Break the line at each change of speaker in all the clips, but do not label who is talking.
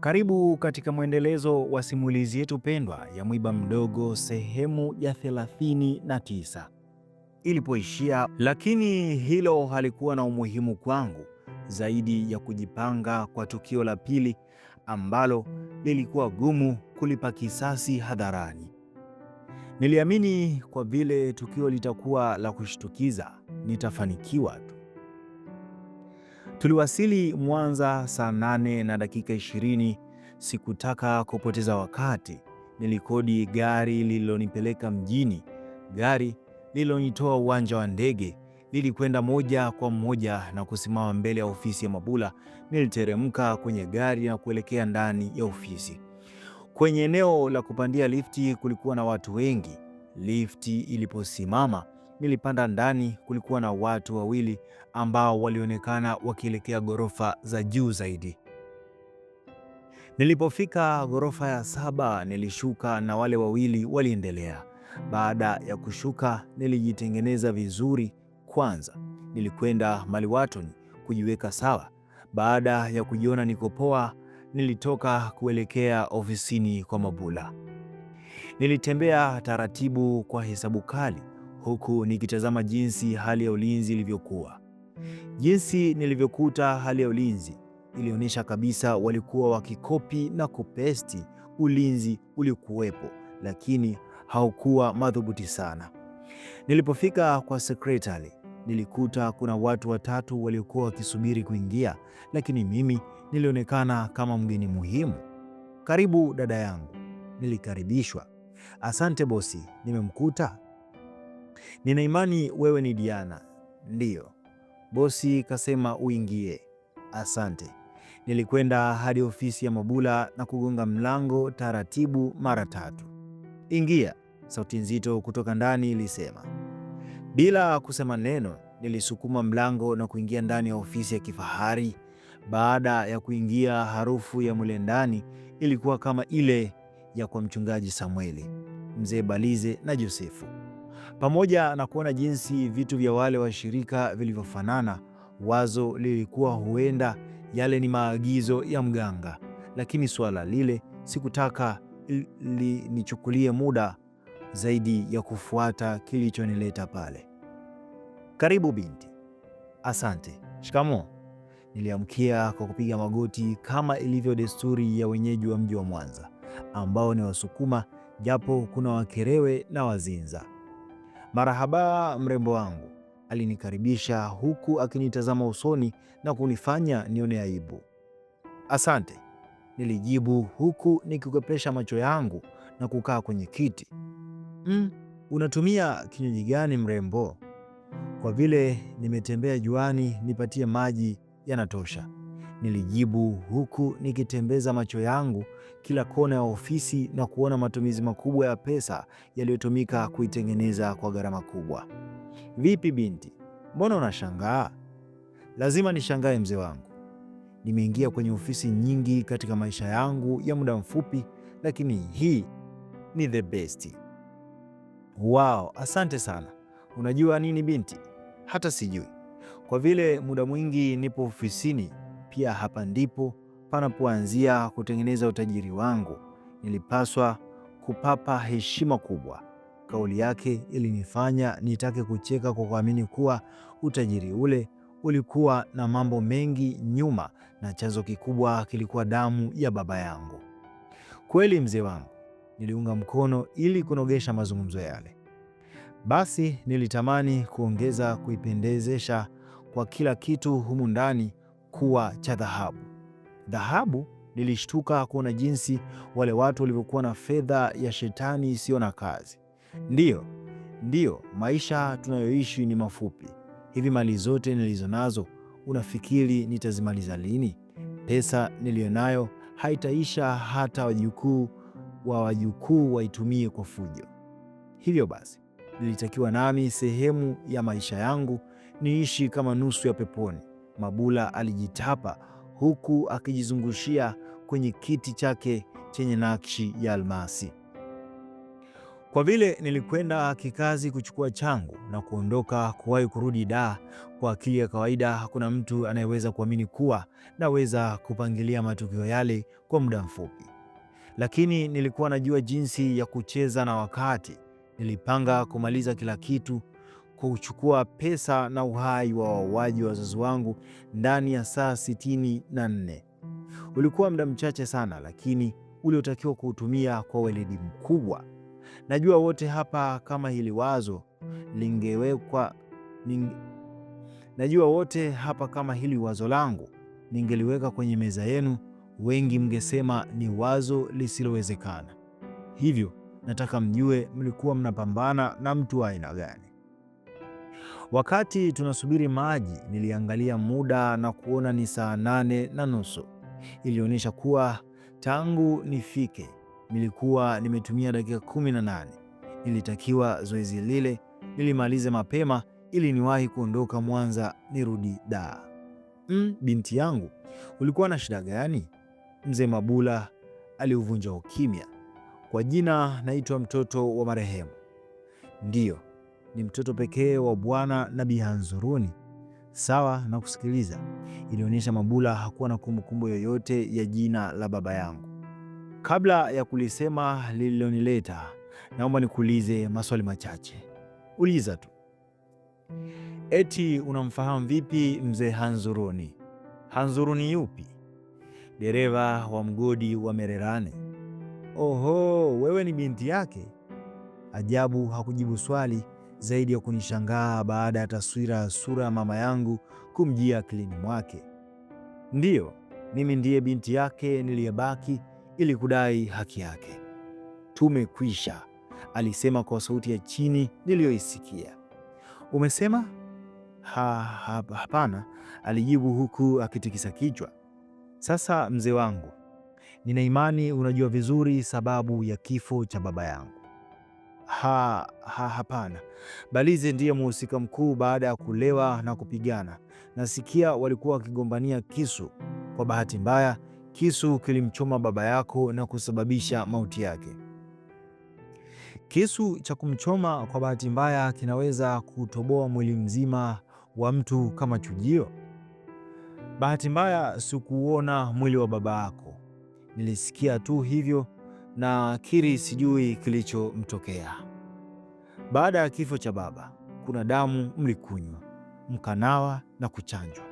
Karibu katika mwendelezo wa simulizi yetu pendwa ya Mwiba Mdogo sehemu ya 39 ilipoishia. Lakini hilo halikuwa na umuhimu kwangu zaidi ya kujipanga kwa tukio la pili ambalo lilikuwa gumu kulipa kisasi hadharani. Niliamini kwa vile tukio litakuwa la kushtukiza, nitafanikiwa Tuliwasili Mwanza saa nane na dakika ishirini. Sikutaka kupoteza wakati, nilikodi gari lililonipeleka mjini. Gari lililonitoa uwanja wa ndege lilikwenda moja kwa moja na kusimama mbele ya ofisi ya Mabula. Niliteremka kwenye gari na kuelekea ndani ya ofisi. Kwenye eneo la kupandia lifti kulikuwa na watu wengi. Lifti iliposimama Nilipanda ndani, kulikuwa na watu wawili ambao walionekana wakielekea ghorofa za juu zaidi. Nilipofika ghorofa ya saba, nilishuka na wale wawili waliendelea. Baada ya kushuka, nilijitengeneza vizuri kwanza. Nilikwenda maliwatoni kujiweka sawa. Baada ya kujiona niko poa, nilitoka kuelekea ofisini kwa Mabula. Nilitembea taratibu kwa hesabu kali huku nikitazama jinsi hali ya ulinzi ilivyokuwa. Jinsi nilivyokuta hali ya ulinzi ilionyesha kabisa walikuwa wakikopi na kupesti ulinzi uliokuwepo, lakini haukuwa madhubuti sana. Nilipofika kwa sekretari, nilikuta kuna watu watatu waliokuwa wakisubiri kuingia, lakini mimi nilionekana kama mgeni muhimu. Karibu dada yangu, nilikaribishwa. Asante bosi, nimemkuta Nina imani wewe ni Diana. Ndiyo, bosi kasema uingie. Asante. Nilikwenda hadi ofisi ya Mabula na kugonga mlango taratibu mara tatu. Ingia, sauti nzito kutoka ndani ilisema. Bila kusema neno, nilisukuma mlango na kuingia ndani ya ofisi ya kifahari. Baada ya kuingia, harufu ya mule ndani ilikuwa kama ile ya kwa mchungaji Samueli, mzee Balize na Josefu. Pamoja na kuona jinsi vitu vya wale washirika vilivyofanana, wazo lilikuwa huenda yale ni maagizo ya mganga, lakini suala lile sikutaka linichukulie muda zaidi ya kufuata kilichonileta pale. Karibu binti. Asante. Shikamoo. Niliamkia kwa kupiga magoti kama ilivyo desturi ya wenyeji wa mji wa Mwanza ambao ni Wasukuma, japo kuna Wakerewe na Wazinza. Marahaba mrembo wangu, alinikaribisha huku akinitazama usoni na kunifanya nione aibu. Asante, nilijibu huku nikikwepesha macho yangu na kukaa kwenye kiti. Mm, unatumia kinywaji gani mrembo? Kwa vile nimetembea juani, nipatie maji yanatosha nilijibu huku nikitembeza macho yangu kila kona ya ofisi na kuona matumizi makubwa ya pesa yaliyotumika kuitengeneza kwa gharama kubwa. Vipi binti, mbona unashangaa? Lazima nishangae mzee wangu. Nimeingia kwenye ofisi nyingi katika maisha yangu ya muda mfupi, lakini hii ni the best. Wow, asante sana. Unajua nini binti? Hata sijui, kwa vile muda mwingi nipo ofisini pia hapa ndipo panapoanzia kutengeneza utajiri wangu. Nilipaswa kupapa heshima kubwa. Kauli yake ilinifanya nitake kucheka kwa kuamini kuwa utajiri ule ulikuwa na mambo mengi nyuma na chanzo kikubwa kilikuwa damu ya baba yangu. Kweli mzee wangu, niliunga mkono ili kunogesha mazungumzo yale. Basi nilitamani kuongeza kuipendezesha kwa kila kitu humu ndani kuwa cha dhahabu. Dhahabu nilishtuka kuona jinsi wale watu walivyokuwa na fedha ya shetani isiyo na kazi. Ndiyo, ndiyo, maisha tunayoishi ni mafupi. Hivi mali zote nilizo nazo, unafikiri nitazimaliza lini? Pesa niliyonayo haitaisha hata wajukuu wa wajukuu waitumie kwa fujo. Hivyo basi, nilitakiwa nami sehemu ya maisha yangu niishi kama nusu ya peponi. Mabula alijitapa huku akijizungushia kwenye kiti chake chenye nakshi ya almasi. Kwa vile nilikwenda kikazi kuchukua changu na kuondoka kuwahi kurudi da, kwa akili ya kawaida hakuna mtu anayeweza kuamini kuwa naweza kupangilia matukio yale kwa muda mfupi, lakini nilikuwa najua jinsi ya kucheza na wakati. Nilipanga kumaliza kila kitu kuchukua pesa na uhai wa wauaji wa wazazi wangu ndani ya saa sitini na nne. Ulikuwa muda mchache sana, lakini uliotakiwa kuutumia kwa weledi mkubwa. Najua wote hapa kama hili wazo lingewekwa ning... najua wote hapa kama hili wazo langu ningeliweka kwenye meza yenu, wengi mngesema ni wazo lisilowezekana. Hivyo nataka mjue mlikuwa mnapambana na mtu wa aina gani. Wakati tunasubiri maji, niliangalia muda na kuona ni saa nane na nusu. Ilionyesha kuwa tangu nifike nilikuwa nimetumia dakika kumi na nane. Nilitakiwa zoezi lile nilimalize mapema ili niwahi kuondoka Mwanza nirudi Dar. Mm, binti yangu ulikuwa na shida gani? Mzee Mabula aliuvunja ukimya. Kwa jina naitwa mtoto wa marehemu. Ndiyo, ni mtoto pekee wa Bwana na Bi Sawa na kusikiliza, ilionyesha Mabula hakuwa na kumbukumbu yoyote ya jina la baba yangu. Kabla ya kulisema lililonileta, naomba nikuulize maswali machache. Uliza tu. Eti unamfahamu vipi mzee Hanzuruni? Hanzuruni yupi? Dereva wa mgodi wa Mererane? Oho, wewe ni binti yake? Ajabu hakujibu swali zaidi ya kunishangaa baada ya taswira ya sura ya mama yangu kumjia akilini mwake. Ndiyo, mimi ndiye binti yake niliyebaki ili kudai haki yake. Tumekwisha, alisema kwa sauti ya chini niliyoisikia. Umesema? Ha, ha, hapana, alijibu huku akitikisa kichwa. Sasa mzee wangu, nina imani unajua vizuri sababu ya kifo cha baba yangu. Ha, ha, hapana. Balize ndiye mhusika mkuu baada ya kulewa na kupigana. Nasikia walikuwa wakigombania kisu. Kwa bahati mbaya, kisu kilimchoma baba yako na kusababisha mauti yake. Kisu cha kumchoma kwa bahati mbaya kinaweza kutoboa mwili mzima wa mtu kama chujio. Bahati mbaya sikuona mwili wa baba yako. Nilisikia tu hivyo na Kiri sijui kilichomtokea. Baada ya kifo cha baba, kuna damu mlikunywa, mkanawa na kuchanjwa.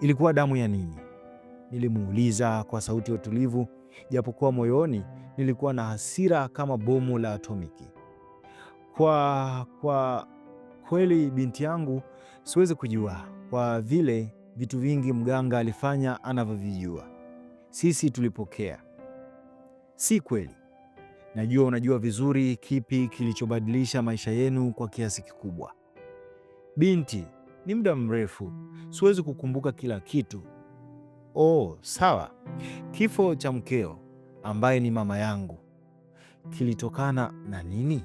Ilikuwa damu ya nini? Nilimuuliza kwa sauti ya utulivu, japokuwa moyoni nilikuwa na hasira kama bomu la atomiki. Kwa kwa kweli, binti yangu, siwezi kujua kwa vile vitu vingi mganga alifanya anavyovijua. Sisi tulipokea Si kweli. Najua unajua vizuri kipi kilichobadilisha maisha yenu kwa kiasi kikubwa. Binti, ni muda mrefu, siwezi kukumbuka kila kitu. Oh, sawa. Kifo cha mkeo ambaye ni mama yangu kilitokana na nini?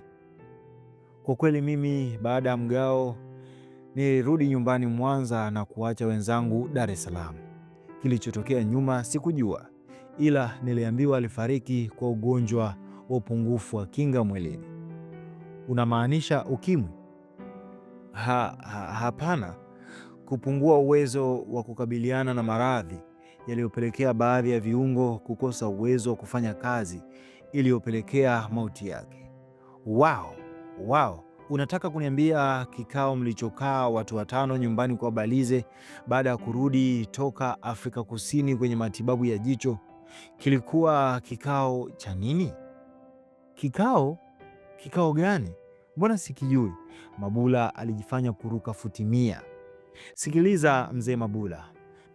Kwa kweli mimi baada ya mgao nilirudi nyumbani Mwanza na kuacha wenzangu Dar es Salaam. Kilichotokea nyuma sikujua ila niliambiwa alifariki kwa ugonjwa wa upungufu wa kinga mwilini. Unamaanisha ukimwi? Ha, ha, hapana, kupungua uwezo wa kukabiliana na maradhi yaliyopelekea baadhi ya viungo kukosa uwezo wa kufanya kazi iliyopelekea mauti yake. Wao wao, unataka kuniambia kikao mlichokaa watu watano nyumbani kwa Balize baada ya kurudi toka Afrika Kusini kwenye matibabu ya jicho Kilikuwa kikao cha nini? Kikao? Kikao gani? Mbona sikijui. Mabula alijifanya kuruka futi mia. Sikiliza mzee Mabula,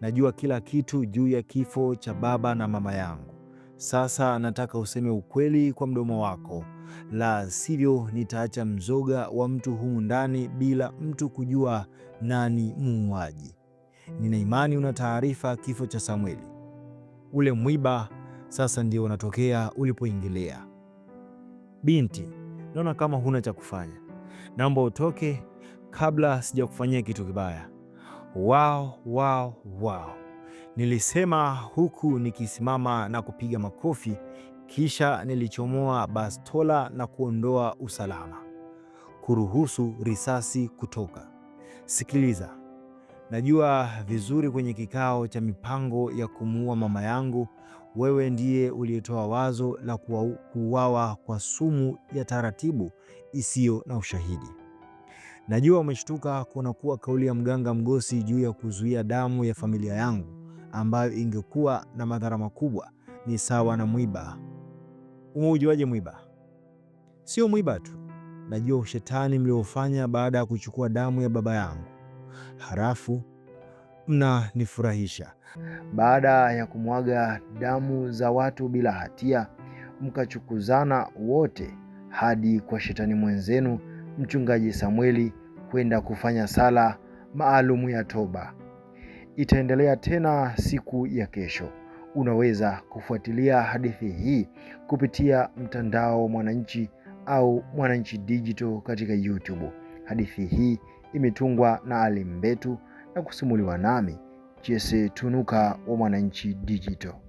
najua kila kitu juu ya kifo cha baba na mama yangu. Sasa nataka useme ukweli kwa mdomo wako, la sivyo nitaacha mzoga wa mtu humu ndani bila mtu kujua nani muuaji. Nina imani una taarifa kifo cha Samweli ule mwiba sasa ndio unatokea ulipoingilia. Binti, naona kama huna cha kufanya, naomba utoke kabla sijakufanyia kitu kibaya. Wao wao wao, nilisema huku nikisimama na kupiga makofi, kisha nilichomoa bastola na kuondoa usalama, kuruhusu risasi kutoka. Sikiliza, Najua vizuri kwenye kikao cha mipango ya kumuua mama yangu, wewe ndiye uliyetoa wazo la kuuawa kwa sumu ya taratibu isiyo na ushahidi. Najua umeshtuka kuna kuwa kauli ya mganga Mgosi juu ya kuzuia damu ya familia yangu ambayo ingekuwa na madhara makubwa ni sawa na mwiba. Umeujuaje mwiba? Sio mwiba tu, najua ushetani mliofanya baada ya kuchukua damu ya baba yangu halafu mnanifurahisha. Baada ya kumwaga damu za watu bila hatia, mkachukuzana wote hadi kwa shetani mwenzenu Mchungaji Samweli kwenda kufanya sala maalumu ya toba. Itaendelea tena siku ya kesho. Unaweza kufuatilia hadithi hii kupitia mtandao Mwananchi au Mwananchi Digital katika YouTube. Hadithi hii imetungwa na Ali Mbetu na kusimuliwa nami Jesse Tunuka wa Mwananchi Digital.